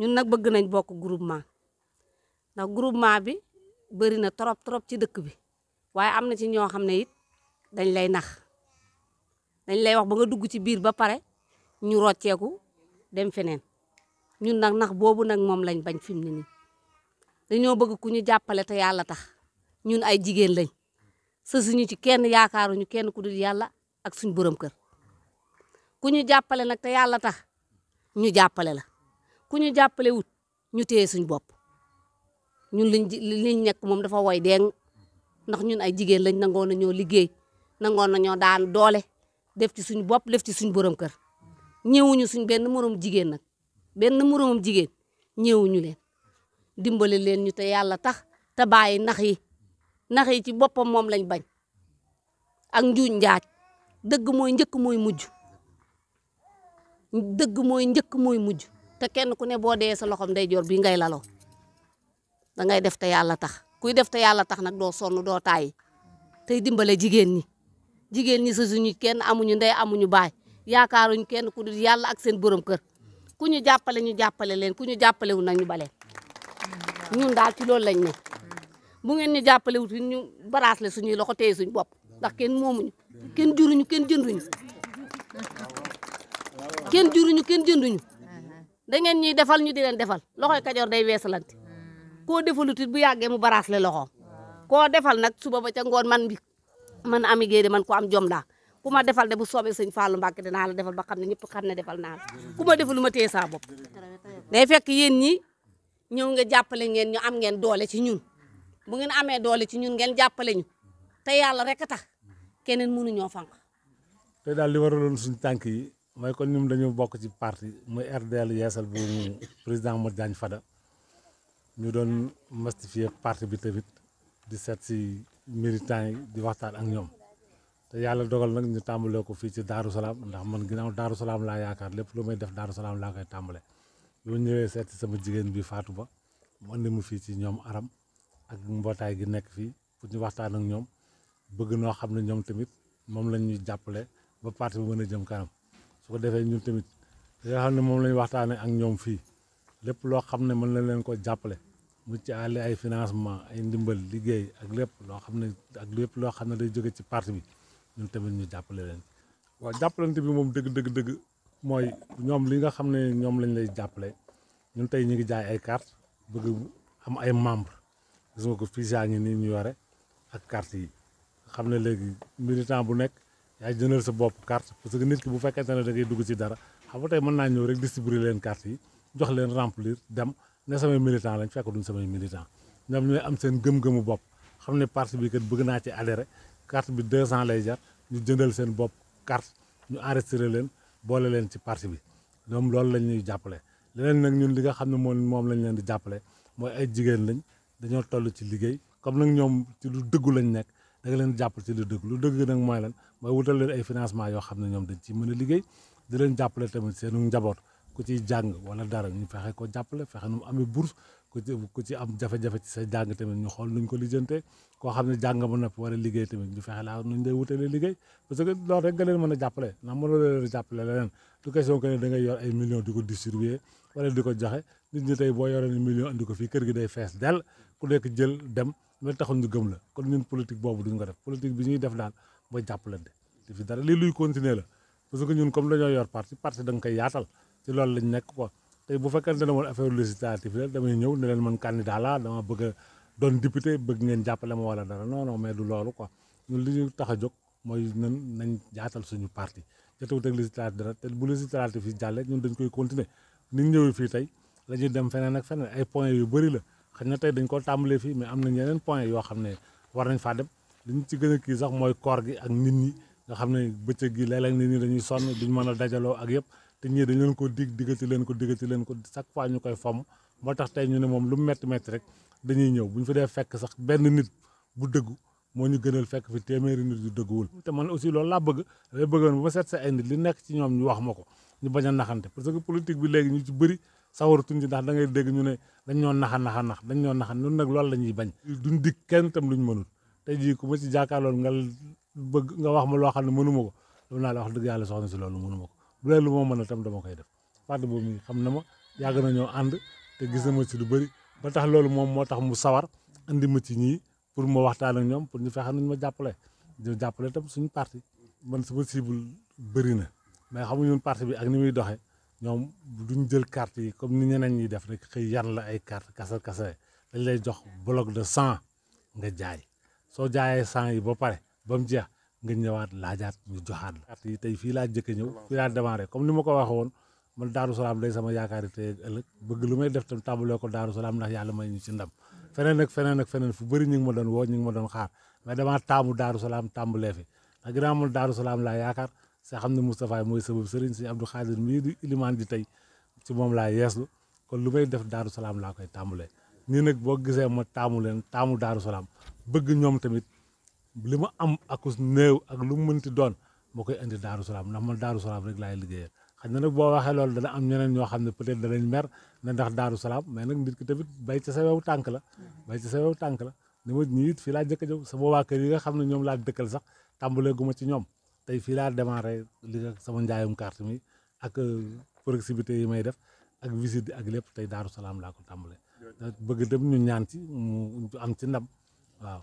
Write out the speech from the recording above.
ñun nag bëgg nañ bokk groupement ndax groupement bi bëri na trop trop ci dëkk bi waaye am na ci ñoo xam ne it dañ lay nax dañ lay wax ba nga dugg ci biir ba pare ñu rocceeku dem feneen ñun nag nax boobu nag moom lañ bañ fi mu ne nii dañoo bëgg ku ñu jàppale te yàlla tax ñun ay jigéen lañ sësuñu ci kenn yaakaaruñu kenn ku dul yàlla ak suñu borom kër ku ñu jàppale nag te yàlla tax ñu jàppale la. ku ñu jàppale wut ñu téye suñ bopp ñun liñ liñ moom dafa woy deeng ndax ñun ay jigéen lañ nangoon nañoo liggéey nangoon nañoo daan doole def ci suñ bopp def ci suñ borom kër ñëwuñu suñ benn moroom jigéen nag benn moroom jigéen ñëwuñu leen dimbale leen ñu te yàlla tax te bàyyi nax yi nax yi ci boppam moom lañ bañ ak njuuñ njaaj dëgg mooy njëkk mooy mujj dëgg mooy njëkk mooy mujj te kenn ku ne boo dee sa loxom day joor bii ngay laloo da ngay def te yàlla tax kuy def te yàlla tax nag doo sonn doo tàyyi tey dimbale jigéen ñi jigéen ñi sasuñu kenn amuñu ndey amuñu baay yaakaaruñ kenn ku dul ak seen borom kër ku ñu jàppale ñu jàppale leen ku ñu jàppale wu nañu baleen ñun daal ci loolu lañ ne bu ngeen ñu jàppale wut ñu baraasle suñuy loxo téye bopp ndax kenn moomuñu kenn juruñu kenn jënduñu kenn juruñu kenn jënduñu da ngeen ñuy defal ñu di leen defal loxoy hmm. kajoor day weesalante hmm. koo defalut it bu yàggee mu baraas le loxoom koo defal nag suba ba ca ngoon man bi man ami géede man ko am jom laa ku ma defal de bu soobee sëñ Fallou Mbacke dinaa la defal ba xam ne ñëpp xam ne defal naa la ku ma defal ma téye saa bopp day fekk yéen ñi ñëw nga jàppale ngeen ñu am ngeen doole ci ñun bu ngeen amee doole ci ñun ngeen jàppale ñu te yàlla rek tax keneen mënuñoo fànq. te daal li waraloon suñu yi mooy kon ñun dañu bokk ci parti muy RDL yeesal bu président Modou Diagne Fada ñu doon mastifier parti bi tamit di seet si militants yi di waxtaan ak ñoom te yàlla dogal nag ñu tàmbalee ko fii ci Daaru Salaam ndax man ginaaw Daaru Salaam laa yaakaar lépp lu may def Daaru Salaam laa koy tàmbale bi ma ñëwee seet sama jigéen bi faatu Ba mu andi mu fii si ñoom aram ak mbootaay gi nekk fii pour ñu waxtaan ak ñoom bëgg noo xam ne ñoom tamit moom lañ ñuy jàppale ba parti bi mën a jëm kanam su ko defee ñun tamit li nga moom la ñu waxtaanee ak ñoom fii lépp loo xam ne mën na leen ko jàppale mu ci àll ay financement ay ndimbal liggéey ak lépp loo xam ne ak lépp loo xam ne day jóge ci parti bi ñun tamit ñu jàppale leen waaw jàppalante bi moom dëgg dëgg dëgg mooy ñoom li nga xam ne ñoom lañ lay jàppale ñun tey ñu ngi jaay ay carte bëgg am ay membre gis nga ko fii saa ngi nii ñu yore ak carte yi xam ne léegi militant bu nekk yaa jëndal sa bopp carte parce que nit ki bu fekkente ne da dugg ci dara xam nga tey mën naa ñëw rek distribuer leen carte yi jox leen remplir dem ne samay militant lañ fekk duñ samay militant ñoom ñooy am seen gëm-gëmu bopp xam ne parti bi kat bëgg naa ci adhéré carte bi 200 lay jar ñu jëndal seen bopp carte ñu enregistré leen boole leen ci parti bi ñoom loolu lañ ñuy jàppale leneen nag ñun li nga xam ne moom moom lañ leen di jàppale mooy ay jigéen lañ dañoo toll ci liggéey comme nag ñoom ci lu dëggu lañ nekk da leen jàppal ci lu dëgg lu dëgg nag mooy lan mooy wutal leen ay financement yoo xam ne ñoom dañ ci mën a liggéey di leen jàppale tamit seenu njaboot ku ciy jàng wala dara ñu fexe ko jàppale fexe mu amee bourse ku ci ku ci am jafe-jafe jàng tamit ñu xool nuñ ko lijjantee koo xam ne jàng ba noppi war a liggéey tamit ñu fexe laa nuñ lay wutalee liggéey parce que loolu rek nga leen a jàppale ndax mënoo leen jàppale leneen du question que ne da yor ay millions di ko distribuer wala di ko joxe nit ñi tey boo yore ni million andi ko fii kër gi day fees dell ku nekk jël dem mel taxul ñu gëm la nekk a doon député bëgg ngeen jàppale ma wala dara non non du loolu quoi ñun li ñu tax a jóg mooy nañ jaatal dañ koy continuer ni ñëwee fii tey la ñuy dem feneen ak feneen ay points yu bëri la xëy na tey dañ ko tàmbalee fii mais am na ñeneen points yoo xam ne war nañ faa dem li ñu ci gën a kii sax mooy koor gi ak nit ñi nga xam ne bëccëg gi léeg-léeg ñi dañuy sonn duñ mën a dajaloo ak yëpp te ñii dañ leen ko dig diggati leen ko diggati leen ko chaque fois ñu koy fomm moo tax tey ñu ne moom lu métti métti rek dañuy ñëw bu ñu fa dee fekk sax benn nit bu dëggu moo ñu gënal fekk fi téeméeri nit yu dëgguwul te man aussi loolu laa bëgg dafay bëggoon bu ma set sa ay nit li nekk ci ñoom ñu wax ma ko ñu bañ a naxante parce que politique bi léegi ñu ci bëri sawaratuñ ci ndax da ngay dégg ñu ne dañ ñoo naxa naxa nax dañ ñoo naxa ñun nag lool la ñuy bañ duñ dig kenn tam luñ mënul te jii ku ma ci jàkkaarlool nga bëgg nga wax ma loo xam ne mënu ko loolu naa la wax dëgg soxna si loolu mënu ma ko bu dee lu moo mën a tam dama koy def fàtte boobu mi xam na ma yàgg nañoo ànd te gis na ma ci lu bëri ba tax loolu moom moo tax mu sawar andi ma ci ñii pour ma waxtaan ak ñoom pour ñu fexe nuñ ma jàppale jàppale tam suñu parti man sama cible bëri na mais xamuñu parti bi ak ni muy doxee ñoom duñ jël carte yi comme ni ñeneen ñi def rek xëy yan la ay carte kasa kasa dañ lay jox bloc de cent nga jaay soo jaayee cent yi ba pare ba mu jeex nga ñëwaat laajaat ñu joxaat la. carte yi tey fii laa jëkk ñëw fii laa démarré comme ni ma ko waxee woon man Daaru Salaam day sama yaakaari tey ak ëllëg bëgg lu may def tam tàmbalee ko Daaru Salaam ndax yàlla may ñu ci ndam feneen ak feneen ak feneen fu bëri ñu ngi ma doon woo ñu ngi ma doon xaar mais damaa taamu Daaru Salaam tàmbalee fi ndax ginnaaw man Daaru se xam ne Moustapha mooy sabab sëriñ si Abdou Khadir mii di ilimaan di tey ci moom laa yeeslu kon lu may def daaru salaam laa koy tàmbule nii nag boo gisee ma taamu leen taamu daaru salaam bëgg ñoom tamit li ma am akus néew ak lu mu mënti doon ma koy indi daaru salaam ndax man daaru salaam rek laay liggéeyal xëy na nag boo waxee loolu dana am ñeneen ñoo xam ne peut-être danañ mer na ndax daaru mais nag nit ki tamit sa wew tànk la bay sa wew tànk la ni ma ñii it fii laa jëkk a jëw sama yi nga xam ne ñoom laa dëkkal sax tàmbalee gu ci ñoom tey fii laa démarré sama njaayum carte mi ak euh, yi may def ak visite ak lépp tey Daaru Salaam laa ko tàmbale bëgg dem ñu ñaan ci mu am ci waaw